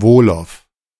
Wohloff